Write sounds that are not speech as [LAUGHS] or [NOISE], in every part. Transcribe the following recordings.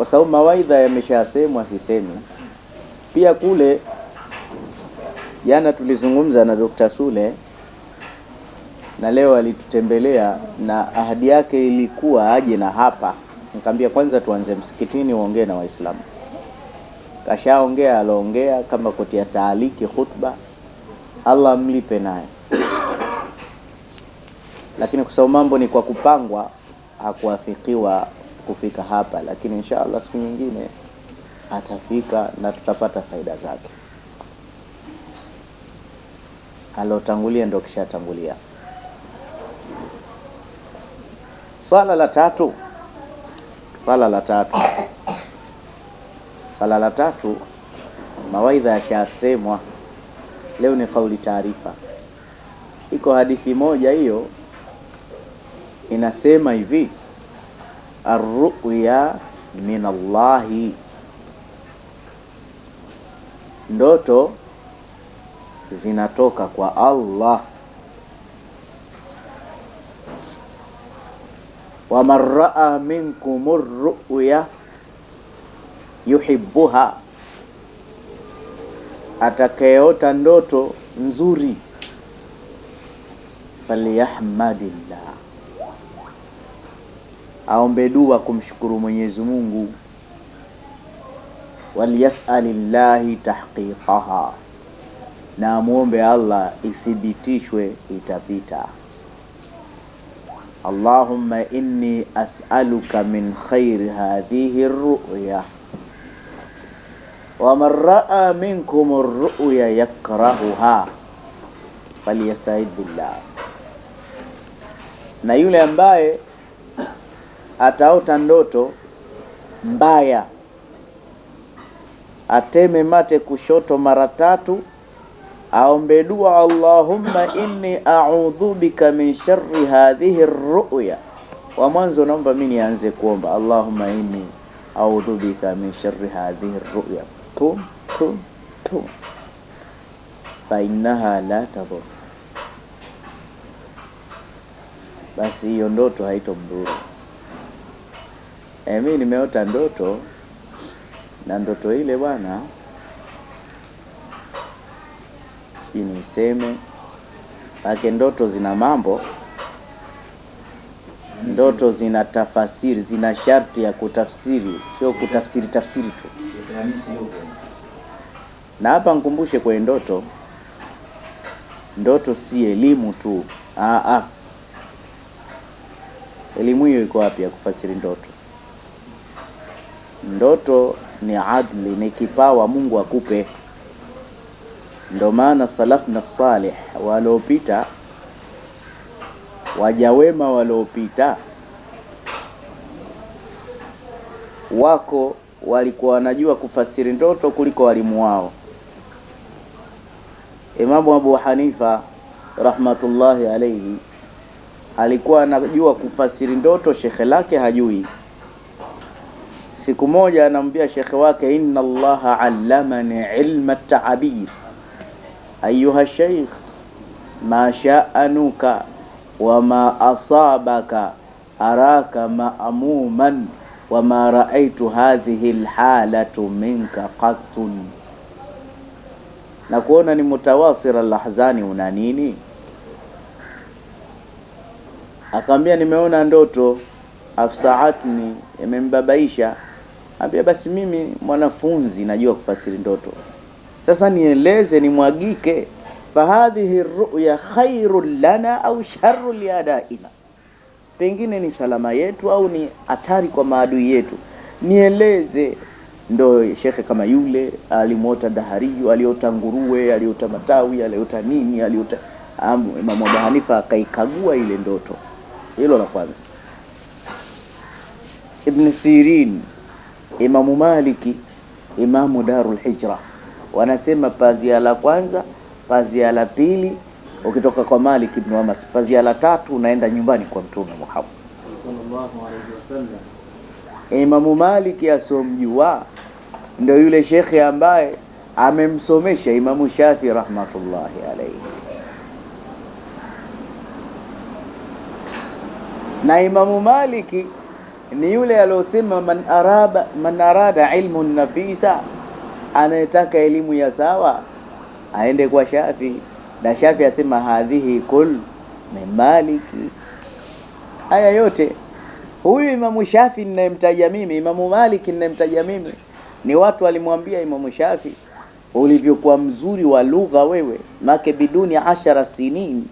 kwa sababu mawaidha yameshasemwa, sisemi pia. Kule jana tulizungumza na Dr. Sule na leo alitutembelea na ahadi yake ilikuwa aje na hapa. Nikamwambia kwanza tuanze msikitini, uongee na Waislamu. Kashaongea, aloongea kama kutia taaliki khutba, Allah mlipe naye lakini kwa sababu mambo ni kwa kupangwa, hakuafikiwa kufika hapa, lakini insha Allah siku nyingine atafika na tutapata faida zake. Alotangulia ndo kishatangulia. Swala la tatu, swala la tatu, swala la tatu, mawaidha yashasemwa. Leo ni kauli taarifa. Iko hadithi moja hiyo inasema hivi arruya min Allahi, ndoto zinatoka kwa Allah. Waman raa minkum ruya yuhibbuha, atakayeota ndoto nzuri falyahmadillah aombe dua kumshukuru Mwenyezi Mungu, walyasalillahi tahqiqaha, na amwombe Allah ithibitishwe itapita. Allahumma inni as'aluka min khairi hadhihi ruya wa man raa minkum ruya yakrahuha falyastaid billah, na yule ambaye ataota ndoto mbaya, ateme mate kushoto mara tatu, aombe dua Allahumma inni a'udhu bika min sharri hadhihi ruya. Wa mwanzo naomba mimi nianze kuomba Allahumma inni a'udhu bika min sharri hadhihi ruya tu tu tu fa la tadur, basi hiyo ndoto haitomdhuru. E, eh, mi nimeota ndoto na ndoto ile bwana, sijui niiseme pake. Ndoto zina mambo, ndoto zina tafasiri, zina sharti ya kutafsiri, sio kutafsiri tafsiri tu. Na hapa nkumbushe kwenye ndoto, ndoto si elimu tu. Aa, ah, ah. elimu hiyo iko wapi ya kufasiri ndoto? Ndoto ni adli, ni kipawa Mungu akupe. Ndio maana salafna salih waliopita, waja wema waliopita wako walikuwa wanajua kufasiri ndoto kuliko walimu wao. Imamu Abu Hanifa rahmatullahi alaihi alikuwa anajua kufasiri ndoto, shekhe lake hajui. Siku moja anamwambia shekhe wake, inna allah allamani ilma ta'bir ayuha sheikh ma sha'anuka wa ma asabaka araka mamuman wa ma ra'aytu hadhihi alhalatu minka qattun, na kuona ni mutawasir alahzani, una nini? Akamwambia nimeona ndoto afsaatni, imembabaisha Ambia basi mimi mwanafunzi najua kufasiri ndoto, sasa nieleze, nimwagike. Fahadhihi ruya khairun lana au sharru liadaina, pengine ni salama yetu au ni hatari kwa maadui yetu. Nieleze. Ndo shekhe kama yule alimuota dahariyu, aliota nguruwe, aliota matawi, aliota nini, aliota Imamu Abu Hanifa akaikagua ile ndoto. Hilo la kwanza. Ibn sirini Imamu Maliki, imamu Darul Hijra, wanasema pazia la kwanza, pazia la pili ukitoka kwa Malik ibn Anas, pazia la tatu unaenda nyumbani kwa Mtume Muhammad sallallahu alaihi wasallam. Imamu Maliki asomjua ndio yule shekhe ambaye amemsomesha Imamu Shafi rahmatullahi alaihi, na Imamu Maliki ni yule aliyosema man arada, man arada ilmu nafisa, anayetaka elimu ya sawa aende kwa Shafi, na Shafi asema hadhihi kul min maliki. Haya yote huyu Imamu Shafi ninayemtaja mimi, Imamu Maliki ninayemtaja mimi, ni watu walimwambia Imamu Shafi, ulivyokuwa mzuri wa lugha wewe, make biduni ashara sinini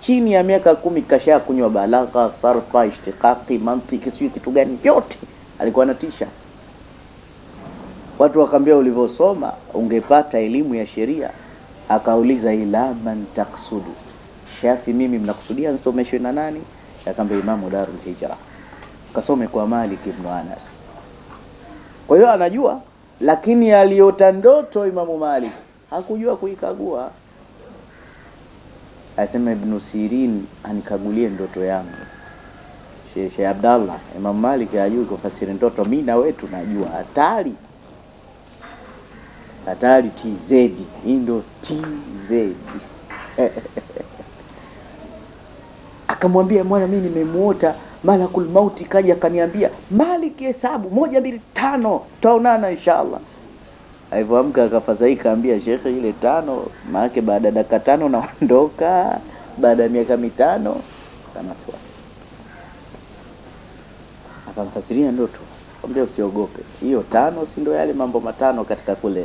chini ya miaka kumi kasha kunywa balagha, sarfa, ishtiqaqi, mantiki, sijui kitu gani, vyote alikuwa anatisha watu. Wakaambia ulivyosoma ungepata elimu ya sheria. Akauliza, ila man taksudu Shafi, mimi mnakusudia nisomeshwe na nani? Akaambia Imamu Darul Hijra, kasome kwa Malik ibn Anas. Kwa hiyo anajua, lakini aliota ndoto Imamu Malik hakujua kuikagua asema Ibnu Sirin anikagulie ndoto yangu. Sheikh Abdallah, Imam Malik ajui kufasiri ndoto, mimi na wewe tunajua hatari hatari. TZ hii ndo TZ [LAUGHS] akamwambia mwana, mimi nimemuota malakul mauti, kaja akaniambia Malik, hesabu moja mbili tano, tutaonana inshallah alivyoamka akafadhaika, ambia shekhe, ile tano maanake baada ya dakika tano naondoka, baada ya miaka mitano kana wasiwasi. Akamfasiria ndoto, ambia usiogope, hiyo tano si ndio yale mambo matano katika kule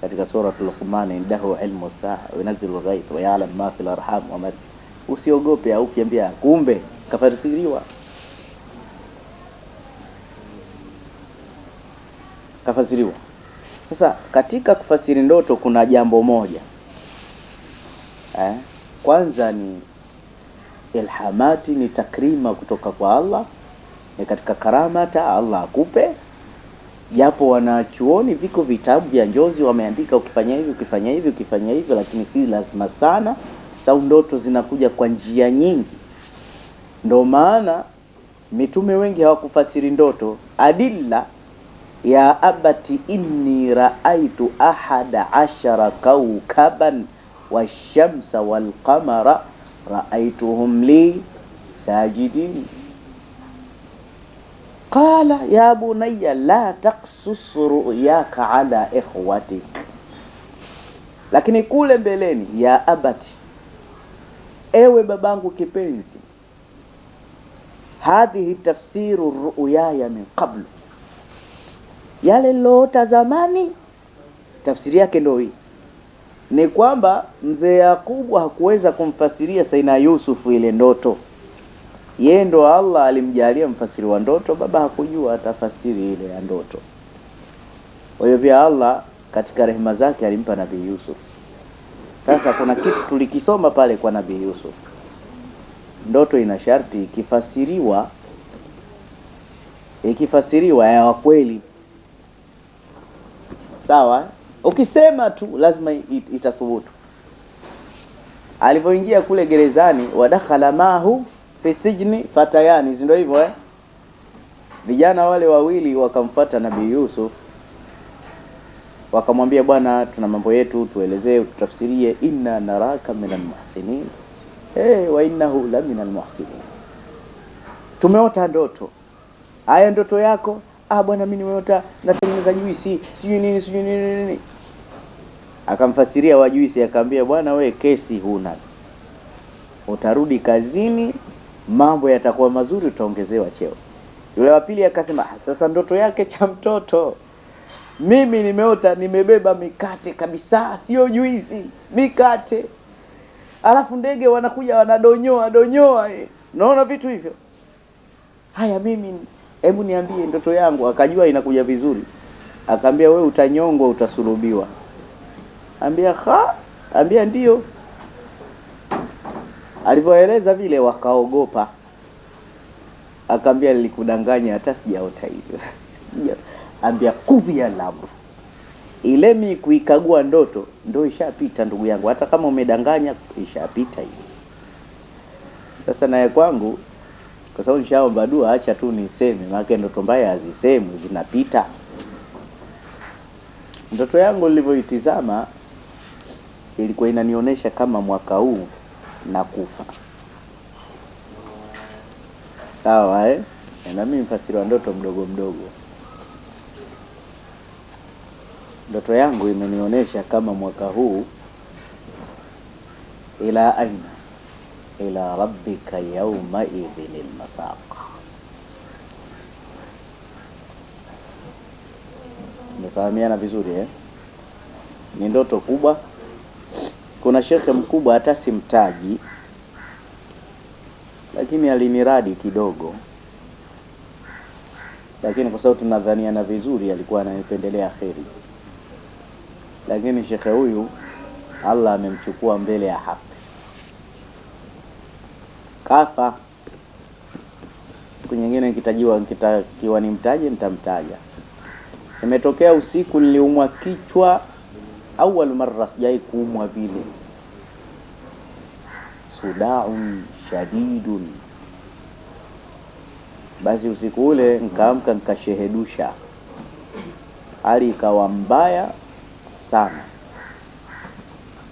katika Surat Luqman, indahu ilmu saa yunazilu lghaith wa yalam ma fil arham wa ma usiogope. Au kiambia kumbe kafasiriwa kafasiriwa sasa katika kufasiri ndoto kuna jambo moja eh, kwanza ni ilhamati, ni takrima kutoka kwa Allah, ni katika karamata Allah akupe japo wanachuoni viko vitabu vya njozi wameandika, ukifanya hivi ukifanya hivi ukifanya hivi, lakini si lazima sana. Sau ndoto zinakuja kwa njia nyingi, ndo maana mitume wengi hawakufasiri ndoto adilla ya abati inni raaitu ahada ashara kaukaban washamsa walqamara raaituhum li sajidin qala ya bunayya la taksus ruyaka ala ikhwatik, lakini kule mbeleni, ya abati, ewe babangu kipenzi, hadhihi tafsiru ruyaya min qablu yale liloota zamani, tafsiri yake ndio hii ni kwamba mzee Yakubu hakuweza kumfasiria Saina Yusufu ile ndoto. Yeye ndo Allah alimjalia mfasiri wa ndoto, baba hakujua atafasiri ile ya ndoto. Kwa hiyo pia Allah katika rehema zake alimpa Nabii Yusuf. Sasa kuna kitu tulikisoma pale kwa Nabii Yusuf, ndoto ina sharti ikifasiriwa, ikifasiriwa ya kweli sawa. Ukisema tu lazima itathubutu. Alipoingia kule gerezani, wadakhala mahu fi sijni fatayani, si ndio hivyo eh? Vijana wale wawili wakamfuata Nabii Yusuf wakamwambia, bwana, tuna mambo yetu, tuelezee, tutafsirie. inna naraka minal muhsinin hey, eh, wa innahu la min almuhsinin tumeota ndoto. Haya, ndoto yako ah, bwana mimi nimeota natengeneza juisi sijui nini sijui nini nini. Akamfasiria wa juisi, akamwambia bwana, we kesi huna, utarudi kazini, mambo yatakuwa mazuri, utaongezewa cheo. Yule wa pili akasema, ah, sasa ndoto yake cha mtoto mimi nimeota nimebeba mikate kabisa, sio juisi, mikate. Alafu ndege wanakuja wanadonyoa donyoa, eh. naona vitu hivyo. Haya, mimi hebu niambie ndoto yangu. Akajua inakuja vizuri, akaambia we utanyongwa, utasulubiwa. Ambia ha, ambia ndio. Alivyoeleza vile wakaogopa, akaambia nilikudanganya, hata sijaota hivyo [LAUGHS] sija. Ambia kuvia labu ile mi kuikagua ndoto ndo ishapita, ndugu yangu, hata kama umedanganya ishapita hiyo. Sasa naye kwangu kwa sababu nishaomba dua, acha tu niseme, maana ndoto mbaya hazisemwi, zinapita. Ndoto yangu nilivyoitizama ilikuwa inanionyesha kama mwaka huu nakufa. Sawa eh? na mimi mfasiri wa ndoto mdogo mdogo. Ndoto yangu imenionyesha kama mwaka huu ila aina ila rabbika yawma idhinil masaq. Mefahamiana vizuri eh? Ni ndoto kubwa. Kuna shekhe mkubwa hata simtaji, lakini aliniradi kidogo, lakini kwa sababu tunadhaniana vizuri, alikuwa ananipendelea kheri, lakini shekhe huyu Allah amemchukua mbele ya haki kafa. Siku nyingine nikitajiwa, nikitakiwa nimtaje, nitamtaja. Imetokea usiku niliumwa kichwa, awal marra, sijai kuumwa vile, sudaun shadidun. Basi usiku ule nkaamka, nkashehedusha, hali ikawa mbaya sana.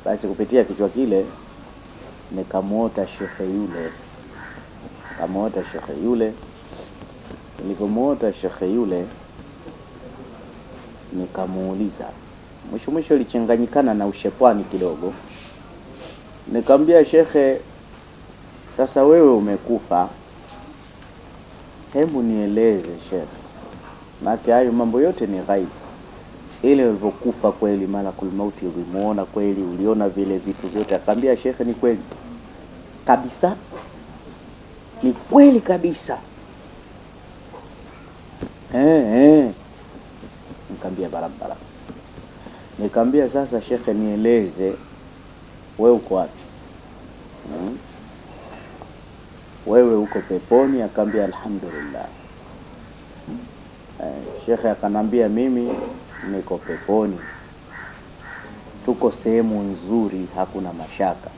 Basi kupitia kichwa kile nikamwota shekhe yule Kamwota shekhe yule. Nilivyomwota shekhe yule, nikamuuliza mwisho mwisho, ilichanganyikana na ushepwani kidogo. Nikamwambia shekhe, sasa wewe umekufa, hebu nieleze shekhe, maake hayo mambo yote ni ghaibu ile ulivyokufa kweli, malakul mauti ulimuona kweli, uliona vile vitu vyote? Akaambia shekhe, ni kweli kabisa ni kweli kabisa eh, eh. barabara, nikaambia sasa, shekhe, nieleze wewe uko wapi? hmm. Wewe uko peponi? Akaambia alhamdulillah. Eh, shekhe akanambia mimi niko peponi, tuko sehemu nzuri, hakuna mashaka.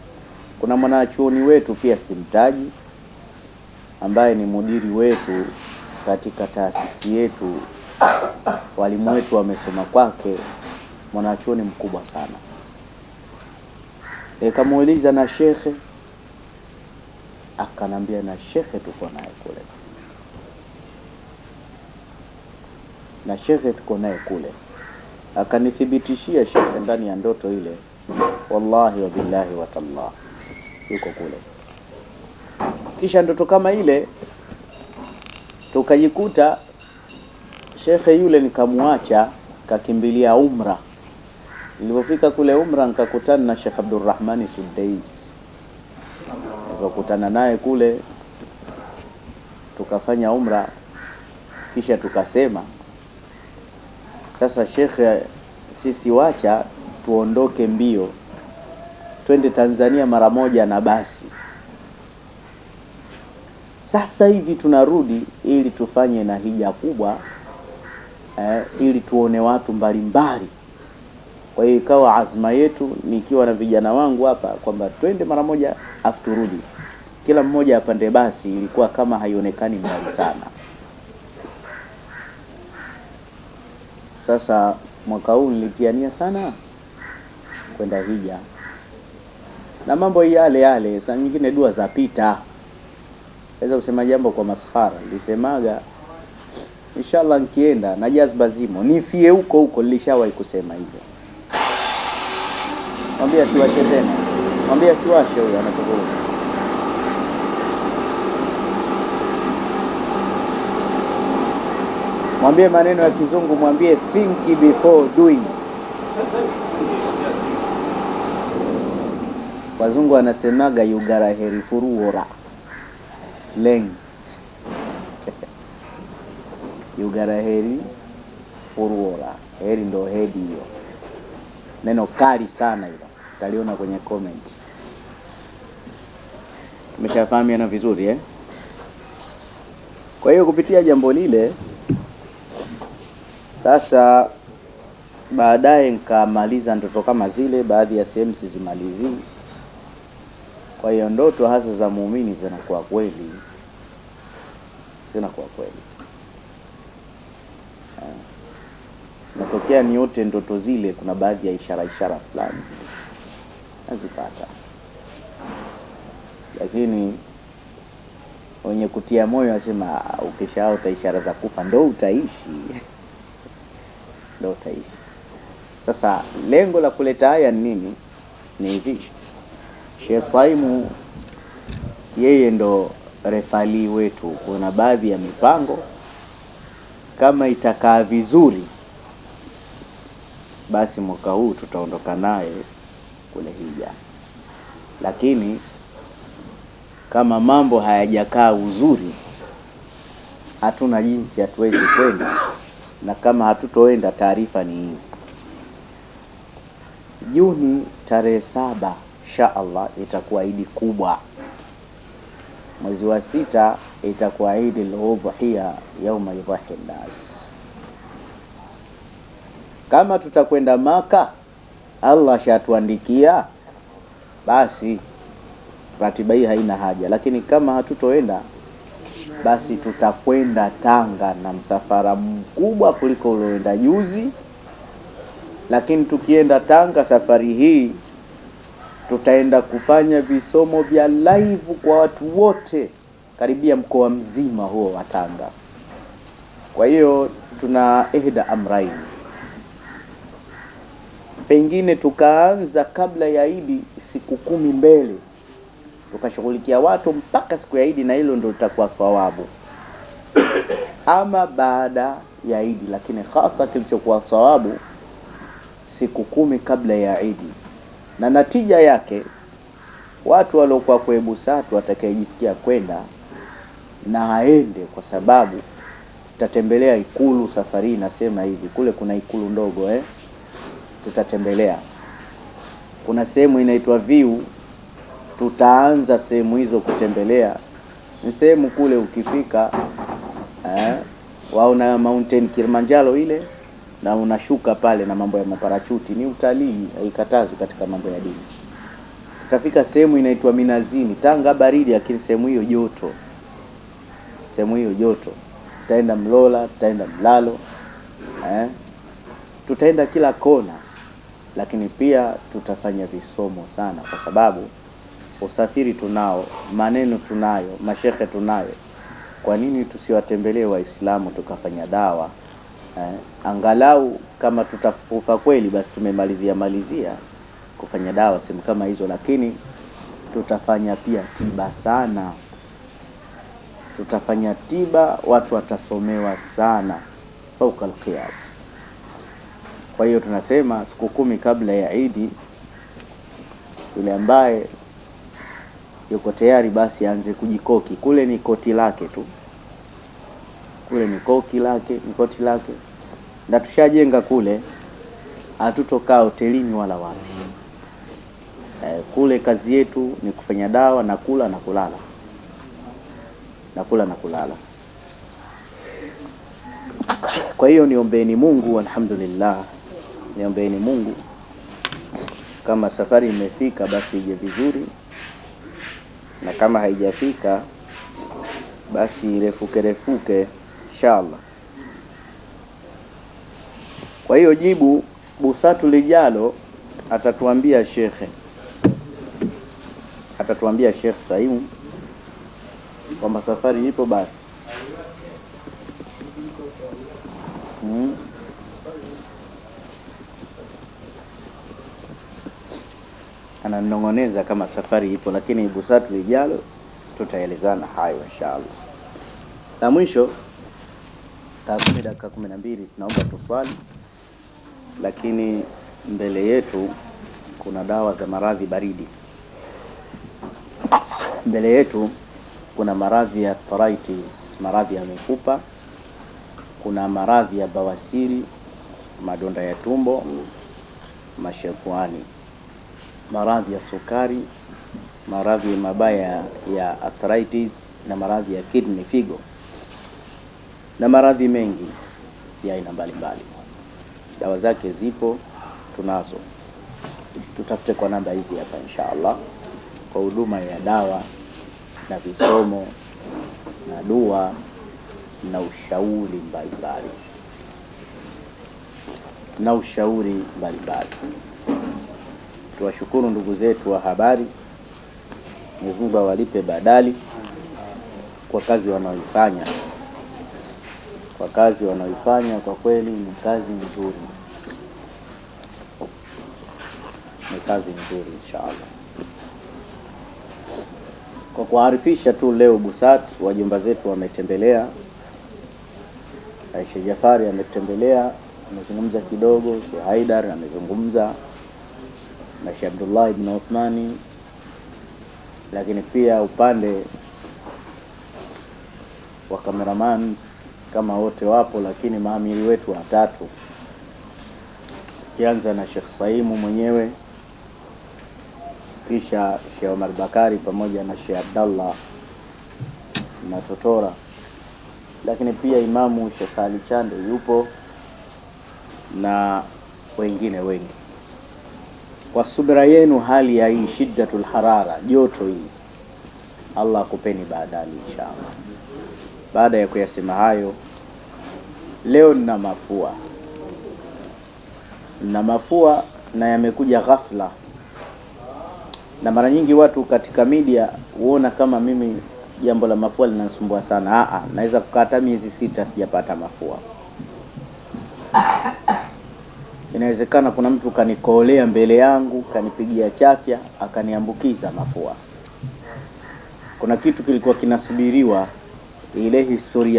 Kuna mwanachuoni wetu pia simtaji ambaye ni mudiri wetu katika taasisi yetu, walimu wetu wamesoma kwake, mwanachuoni mkubwa sana. Nikamuuliza na shekhe, akanambia na shekhe tuko naye kule, na shekhe tuko naye kule. Akanithibitishia shekhe ndani ya ndoto ile, wallahi wabillahi watallah yuko kule. Kisha ndoto kama ile tukajikuta shekhe yule nikamwacha, kakimbilia umra. Nilipofika kule umra nikakutana na Sheikh Abdurrahmani Sudais, nikakutana naye kule tukafanya umra, kisha tukasema sasa, shekhe, sisi wacha tuondoke mbio, twende Tanzania mara moja na basi sasa hivi tunarudi ili tufanye na hija kubwa eh, ili tuone watu mbalimbali. Kwa hiyo ikawa azma yetu, nikiwa na vijana wangu hapa, kwamba twende mara moja afu turudi, kila mmoja apande basi. Ilikuwa kama haionekani mbali sana. Sasa mwaka huu nilitiania sana kwenda hija na mambo yale yale, saa nyingine dua zapita Naweza kusema jambo kwa mashara nilisemaga inshallah nikienda na jazba zimo nifie huko huko, nilishawahi kusema hivyo. Mwambie siwache tena, mwambie siwashe, huyo anatokoa Mwambie maneno ya Kizungu, mwambie think before doing. Wazungu anasemaga you gotta slang yugara [LAUGHS] heri furwola heri, ndo hedi hiyo, neno kali sana hilo, taliona kwenye comment. Tumeshafahamiana vizuri eh? Kwa hiyo kupitia jambo lile sasa baadaye nkamaliza ndoto kama zile, baadhi ya sehemu sizimalizii. Kwa hiyo ndoto hasa za muumini zinakuwa kweli tena kwa kweli. Ah, natokea niote ndoto zile, kuna baadhi ya ishara ishara fulani nazipata, lakini wenye kutia moyo wasema ah, ukishaota ishara za kufa ndo utaishi [LAUGHS] ndo utaishi. Sasa lengo la kuleta haya ni nini? Ni hivi, Sheikh Saimu yeye ndo refali wetu kuna baadhi ya mipango, kama itakaa vizuri, basi mwaka huu tutaondoka naye kule hija, lakini kama mambo hayajakaa uzuri, hatuna jinsi, hatuwezi kwenda, na kama hatutoenda, taarifa ni hii. Juni tarehe saba insha Allah itakuwa idi kubwa mwezi wa sita itakuwa Idi ludhuhia yauma yudhahi nnas. Kama tutakwenda Maka, Allah shatuandikia, basi ratiba hii haina haja, lakini kama hatutoenda basi tutakwenda Tanga na msafara mkubwa kuliko ulioenda juzi, lakini tukienda Tanga safari hii tutaenda kufanya visomo vya live kwa watu wote karibia mkoa mzima huo wa Tanga. Kwa hiyo tuna ehda amrain, pengine tukaanza kabla ya Idi siku kumi mbele, tukashughulikia watu mpaka siku ya Idi, na hilo ndio litakuwa sawabu ama baada ya Idi, lakini hasa kilichokuwa sawabu siku kumi kabla ya Idi na natija yake watu waliokuwa kuebusatu watakayejisikia kwenda na aende, kwa sababu tutatembelea ikulu safari hii. Nasema hivi, kule kuna ikulu ndogo eh? Tutatembelea, kuna sehemu inaitwa Viu, tutaanza sehemu hizo kutembelea. Ni sehemu kule ukifika eh? waona mountain Kilimanjaro ile na unashuka pale na mambo ya maparachuti ni utalii, haikatazwi katika mambo ya dini. Tutafika sehemu inaitwa Minazini. Tanga baridi, lakini sehemu hiyo joto, sehemu hiyo joto. Tutaenda Mlola, tutaenda Mlalo eh? tutaenda kila kona, lakini pia tutafanya visomo sana, kwa sababu usafiri tunao, maneno tunayo, mashekhe tunayo. Kwa nini tusiwatembelee Waislamu tukafanya dawa eh, angalau kama tutakufa kweli, basi tumemalizia malizia kufanya dawa sehemu kama hizo, lakini tutafanya pia tiba sana, tutafanya tiba, watu watasomewa sana fauka alqiyas. Kwa hiyo tunasema siku kumi kabla ya Idi, yule ambaye yuko tayari basi aanze kujikoki. Kule ni koti lake tu, kule ni koki lake, ni koti lake na tushajenga kule, hatutokaa hotelini wala wapi. E, kule kazi yetu ni kufanya dawa na kula na kulala, na kula na kulala. Kwa hiyo niombeeni Mungu, alhamdulillah, niombeeni Mungu kama safari imefika basi ije vizuri, na kama haijafika basi refuke refuke, inshallah. Kwa hiyo jibu busatu lijalo atatuambia shekhe, atatuambia Shekh Saimu kwamba safari ipo basi, hmm. Ananong'oneza kama safari ipo, lakini busatu lijalo tutaelezana hayo inshallah. La mwisho saa kumi dakika kumi na mbili tunaomba tuswali lakini mbele yetu kuna dawa za maradhi baridi. Mbele yetu kuna maradhi ya arthritis, maradhi ya mifupa, kuna maradhi ya bawasiri, madonda ya tumbo, mashekuani, maradhi ya sukari, maradhi mabaya ya arthritis na maradhi ya kidney, figo na maradhi mengi ya aina mbalimbali dawa zake zipo, tunazo. Tutafute kwa namba hizi hapa, inshaallah kwa huduma ya dawa na visomo na dua na ushauri mbalimbali na ushauri mbalimbali. Tuwashukuru ndugu zetu wa habari, Mwenyezi Mungu awalipe badali kwa kazi wanaoifanya kwa kazi wanaoifanya. Kwa kweli ni kazi nzuri, ni kazi nzuri inshaallah. Kwa kuarifisha tu, leo BUSAT wajumba zetu wametembelea, Aisha Jafari ametembelea, amezungumza kidogo, Sheikh Haidar amezungumza na Sheikh Abdullah ibn Uthmani, lakini pia upande wa kameramans kama wote wapo, lakini maamiri wetu watatu, ukianza na Sheikh Saimu mwenyewe kisha Sheikh Omar Bakari pamoja na Sheikh Abdallah na Totora, lakini pia Imamu Sheikh Ali Chande yupo na wengine wengi. Kwa subira yenu hali ya hii shiddatul harara, joto hii, Allah akupeni baadali inshaallah. Baada ya kuyasema hayo Leo nina mafua, nina mafua na yamekuja ghafla, na mara nyingi watu katika media huona kama mimi jambo la mafua linanisumbua sana. Aa, naweza kukaa hata miezi sita sijapata mafua. Inawezekana kuna mtu kanikoolea mbele yangu, kanipigia chafya, akaniambukiza mafua. Kuna kitu kilikuwa kinasubiriwa, ile historia